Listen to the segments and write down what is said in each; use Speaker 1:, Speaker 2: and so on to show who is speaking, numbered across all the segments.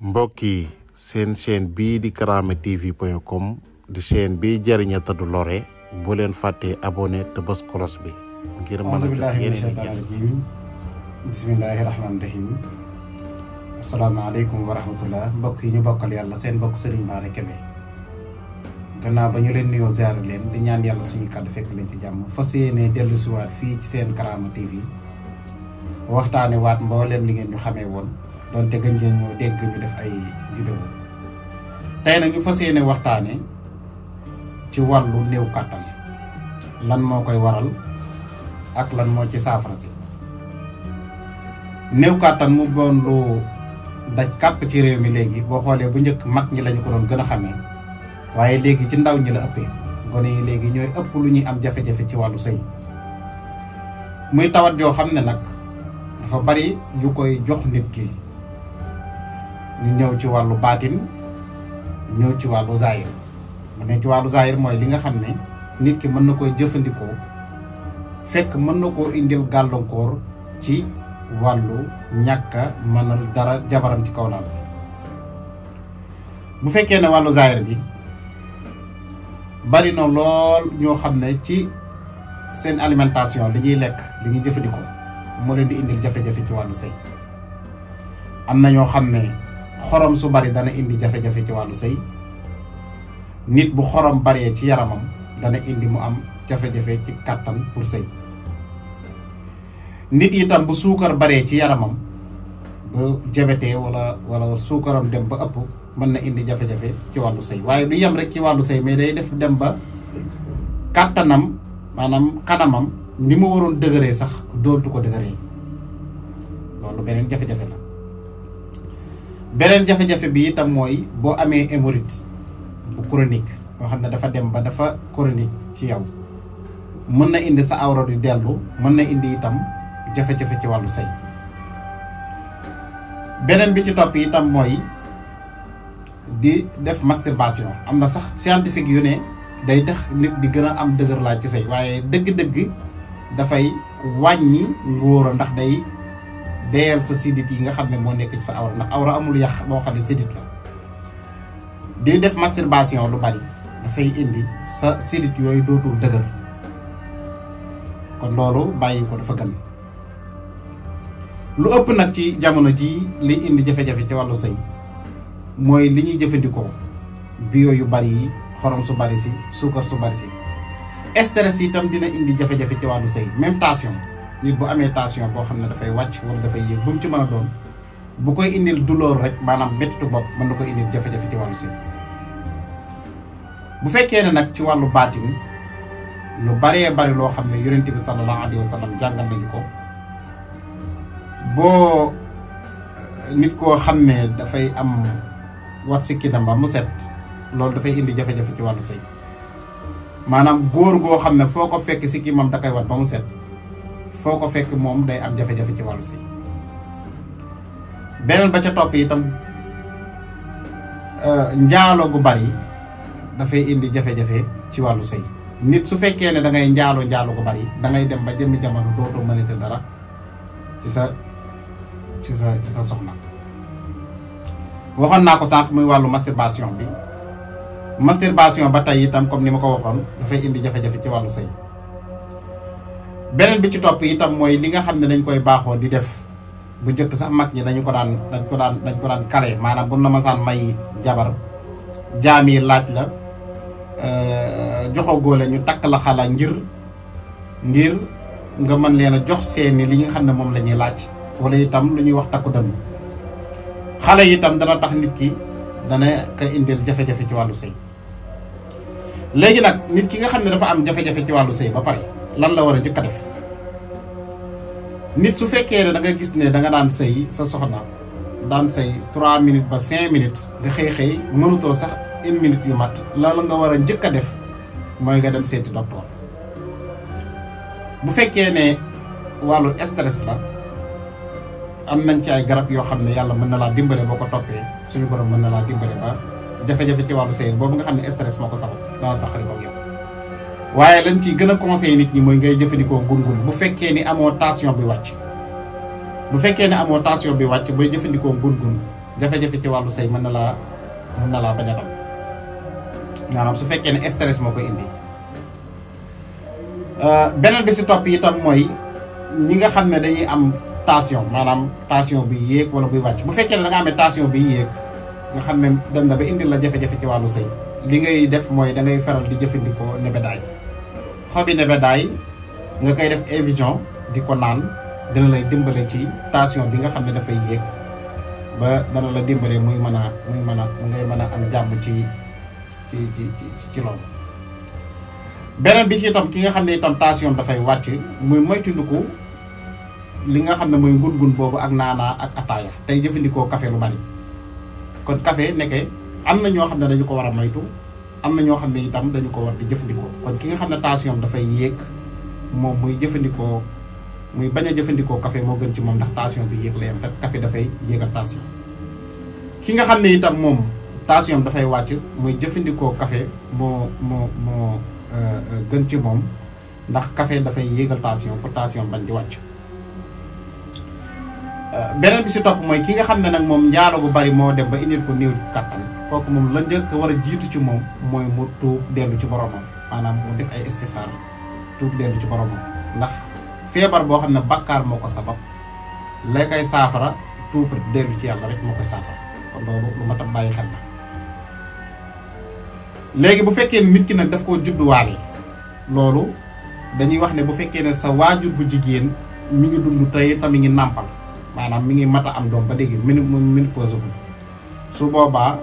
Speaker 1: mbokki yi seen chaîne bii di Karama tv.com di chaîne bi jarigna ta du loré bo len faté abonné te bës kolos bi ngir man ak yeneen bismillahirrahmanirrahim assalamu alaykum wa rahmatullah mbokk yi ñu bokkal yalla seen bokk Serigne Bara Kébé ganna ba ñu leen nuyo ziaru leen di ñaan yalla suñu kaddu fekk leen ci jamm fasiyene delu dellu siwaat ci seen Karama TV waxtane waat mbooleem li ngeen ñu xamé won doonte gën ngeen ñoo dégg ñu def ay vidéo nag ñu fas yéene waxtaane ci wàllu néew kàttan lan moo koy waral ak lan moo ci saafara si néew kàttan mu doon lu daj kàpp ci réew mi léegi boo xoolee bu njëkk mag ñi lañu ko doon gën a xamee waaye léegi ci ndaw ñi la léegi ñooy ëpp lu ñuy am jafe-jafe ci wàllu sëy muy tawat joo xam ne nag dafa bari yu koy jox nit ki ñu ñëw ci walu batin ñëw ci walu zahir mu ne ci walu zahir moy li nga xamne nit ki mën na koy jëfandikoo fekk mën na koo indil koor ci walu ñaka manal dara jabaram ci kaw bu fekke ne walu zahir bi bari na lol ño xamne ci seen alimentation li ñuy lek li ñuy jëfëndiko mo leen di indil jafé jafé ci walu sey am na xorom su bari dana indi jafe-jafe ci walu sey nit bu xorom bari ci yaramam dana indi mu am jafe-jafe ci katan pour sey nit itam bu sukar bari ci yaramam bu jabetee wala wala sukaram dem ba upp man na indi jafe-jafe ci walu sey waye du yam rek ci walu sey mais day def dem ba katanam manam kanamam ni mu waron degeure sax dootu ko dëgëree loolu beneen jafe-jafe la beneen jafe-jafe bi itam mooy boo amee hémorroïde bu chronique boo xam ne dafa dem ba dafa chronique ci yow mën na indi sa awra di dellu mën na indi itam jafe-jafe ci wàllu sëy beneen bi ci topp itam mooy di def masturbation am na sax scientifique yu ne day tax nit bi gën a am dëgër laa ci sëy waaye dëgg-dëgg dafay wàññi ngóora ndax day deyal sa sidit yi nga xamne mo nek ci sa awra ndax awra amul yàq bo xamne sidit la di def masturbation lu bari fay indi sa sidit yoy dootul deugal kon lolu bàyyi ko dafa gën lu upp nak ci jamono ji li indi jafé jafé ci walu sey moy li ñuy jëfandikoo bio yu bari xorom su bari si sukar su bari si stress itam dina indi jafé jafé ci walu sey même tension nit bu amee tension boo xam ne dafay wàcc wala dafay yéeg bu mu ci man a doon bu koy indil douleur rek maanaam méttitu bopp mën na koy indil jafe ci wàllu sëy bu fekkee ne nag ci wàllu baatin lu baree bari loo xam ne yonent bi sallallahu alayhi wa sallam jàngal nañu ko boo eh, nit koo xam ne dafay am wat sikkinam ba mu set loolu dafay indi jafe-jafe ci wàllu sëy maanaam góor goo xam ne foo ko fekk sikkimam da koy wat ba mu set foo ko fekk moom day am jafe-jafe ci wàllu sëy ba ca topp itam euh, njaalo gu bari dafay indi jafe ci wàllu sëy nit su fekkee ne da ngay njaaloo njaalo gu bari da ngay dem ba jëmmi jamono dootoo mënate dara ci sa ci sa ci sa soxna waxoon naa ko sànq muy wàllu masturbation bi masturbation ba tey itam comme ni ma ko waxoon dafay indi jafe-jafe ci wàllu sëy benen bi ci topp itam moy li nga xamne dañ koy baxo di def bu njëkk sax mag ñi dañ ko daan dañ ko daan dañ ko daan kale manam bu na masaan may jabar jami laaj la euh, joxo la ñu tak la xala ngir ngir nga man leena jox seeni li nga xamne mom lañuy laaj wala itam lu ñuy wax takku dënn xale itam dana tax nit ki dana ka indil jafe-jafe ci walu sey légui nak nit ki nga xamne dafa am jafe-jafe ci walu sey ba pare lan la war a jëkk a def nit su fekkee ne da nga gis ne danga daan sëy sa soxna daan sëy trois minutes ba cinq minutes nga xëy xëy mënutoo sax une minute yu mat la nga war a njëkk a def mooy nga dem seeti docteur bu fekkee ne wàllu stress la am nañ ci ay garab yoo xam ne yàlla mën na laa dimbale boo ko toppee suñu borom mën na laa dimbale ba jafe-jafe ci wàllu sëy boobu nga xam ne stress moo ko sabab dana tax yow. waye lañ ci gëna a nit ñi moy ngay jëfandikoo gungun bu fekkee ni amo tension bi wacc bu fekkee ni amo tension bi wàcc booy jëfandikoo gungun jafé jafé ci walu say mëna la mëna la na laa bañ su fekkee ni stress moo indi euh benen bi top yi tam moy ñi nga xamné dañuy am tension manam tension bi yéeg wala bu wacc bu fekkee ne nga am tension bi yéeg nga xamné dem na ba indi la jafé jafé ci walu sëy li ngay def mooy dangay ngay di jëfandikoo nebedaay xobi nebedaay nga koy def infusion di ko naan dana lay dimbale ci tension bi nga xam ne dafay yéeg ba dana la dimbale muy mën a muy mën a mën am jàmm ci ci ci ci loolu. beneen bi ci itam ki nga xam ne itam tension dafay wàcc muy moytandiku li nga xam ne mooy ngun-ngun boobu ak naanaa ak ataaya tey jëfandikoo café lu bari kon café nekkee. am na ñoo xam ne dañu ko war a moytu am na ñoo xam ne itam dañu ko war di jëfandikoo kon ki nga xam ne tension dafay yéeg moom muy jëfandikoo muy bañ a jëfandikoo café moo gën ci moom ndax tension bi yéeg la yam te café dafay yéegal tension ki nga xam ne itam moom tension dafay wàcc muy jëfandikoo café moo moo moo euh, euh, gën ci moom ndax café dafay yéegal tension pour tension bañ di wàcc euh, beneen bi si topp mooy ki nga xam ne nag moom njaalo bu bari moo dem ba indil ko néew kàttan kooku moom la njëkk war a jiitu ci moom mooy mu tuub dellu ci boromam maanaam mu def ay istifaar tuub dellu ci boromam ndax feebar boo xam ne bakkaar moo ko sabab lay koy saafara tuub dellu ci yàlla rek moo koy saafara kon loolu lu mat a bàyyi xel la léegi bu fekkee nit ki nag daf koo judduwaale loolu dañuy wax ne bu fekkee ne sa waajur bu jigéen mi ngi dund tey te mi ngi nàmpal maanaam mi ngi mat a am doom ba léegi minu minu posé su boobaa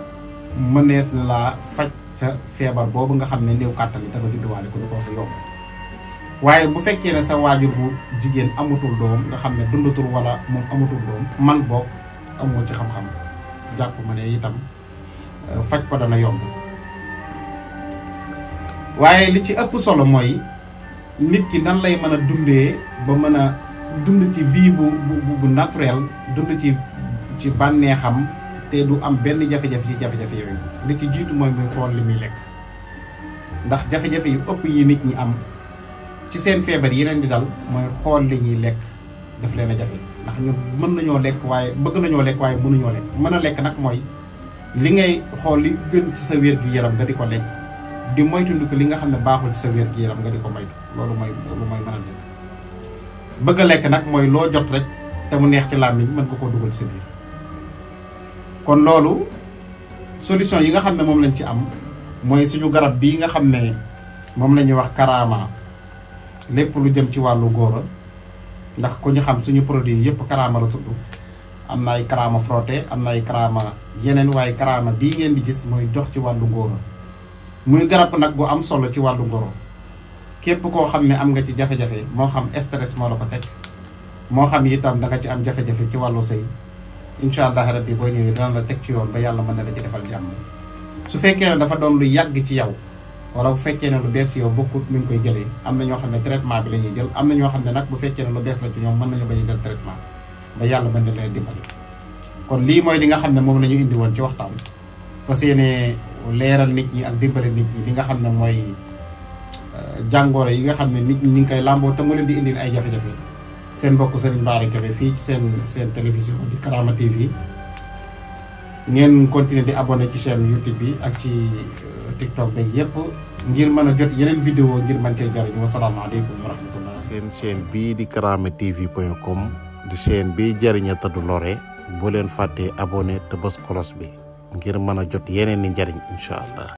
Speaker 1: mënees laa faj sa feebar boobu nga xam ne néew kàttan bi dafa judduwaale ku ñu ko wax yomb waaye bu fekkee ne sa waajur bu jigéen amatul doom nga xam ne dundatul wala moom amatul doom man bokk amoo ci xam-xam jàpp ma ne itam euh, faj ko dana yomb waaye li ci ëpp solo mooy nit ki nan lay mën a dundee ba mën a dund ci vie bu bu bu naturel dund ci ci bànneexam te du am benn jafe-jafe ci jafe yooyu li ci jiitu mooy muy xool li muy lekk ndax jafe-jafe yu ëpp yi nit ñi am ci seen feebar yi leen di dal mooy xool li ñuy lekk daf leen a jafe ndax ñu mën nañoo lekk waaye bëgg nañoo lekk waaye mënuñoo lekk mën a lekk nag mooy li ngay xool li gën ci sa wér gi yaram nga di ko lekk di moytundiku li nga xam ne baaxul ci sa wér gi yaram nga di ko moytu loolu mooy loolu mooy mën a lekk bëgg a lekk nag mooy loo jot rek te mu neex ci làmmiñ mën nga koo dugal sa kon loolu solution yi nga xam ne moom lañ ci am mooy suñu garab bii nga xam ne moom la ñuy wax karama lépp lu jëm ci wàllu ngóora ndax ku ñu xam suñu produit yépp karama la tudd am na ay karama frotté am na ay karama yeneen waaye karama bii ngeen di gis mooy jox ci wàllu muy garab nag bu am solo ci wàllu ngóora képp koo xam am nga ci jafe-jafe moo xam stress moo la ko teg moo xam itam da nga ci am jafe-jafe ci wàllu incha allah rabbi boy ñëwee dina la tek ci yoon ba yàlla mën na la ci defal jàmm su fekkee ne dafa doon lu yàgg ci gitu yow wala bu fekkee ne lu bees yow bokkut mi ngi koy jëlee am na ñoo xam ne traitement bi la ñuy jël am na ñoo xam ne nag bu fekkee ne lu bees la ci ñoom mën nañu bañ a jël traitement ba yàlla mën na leen dimbali kon lii mooy li nga xam ne moom la ñu indi woon ci waxtaan fas yéene leeral nit ñi ak dimbali nit ñi li nga xam ne mooy jàngoro yi nga xam ne nit ñi ñu ngi koy làmboo te mu leen di indil ay jafe-jafe seen mbokk Serigne fii ci seen seen télévision di Karama TV ngeen continuer di abonné ci chaîne YouTube bi ak ci euh, TikTok beeg yëpp ngir mën a jot yeneen vidéo ngir mën cee jariñu wasalaamaaleykum wa rahmatullah seen chaîne bii di Karama TV point di chaîne bi jëriña te lore boo leen fàttee abonné te bës kolos bi ngir mën a jot yeneen i njariñ incha allah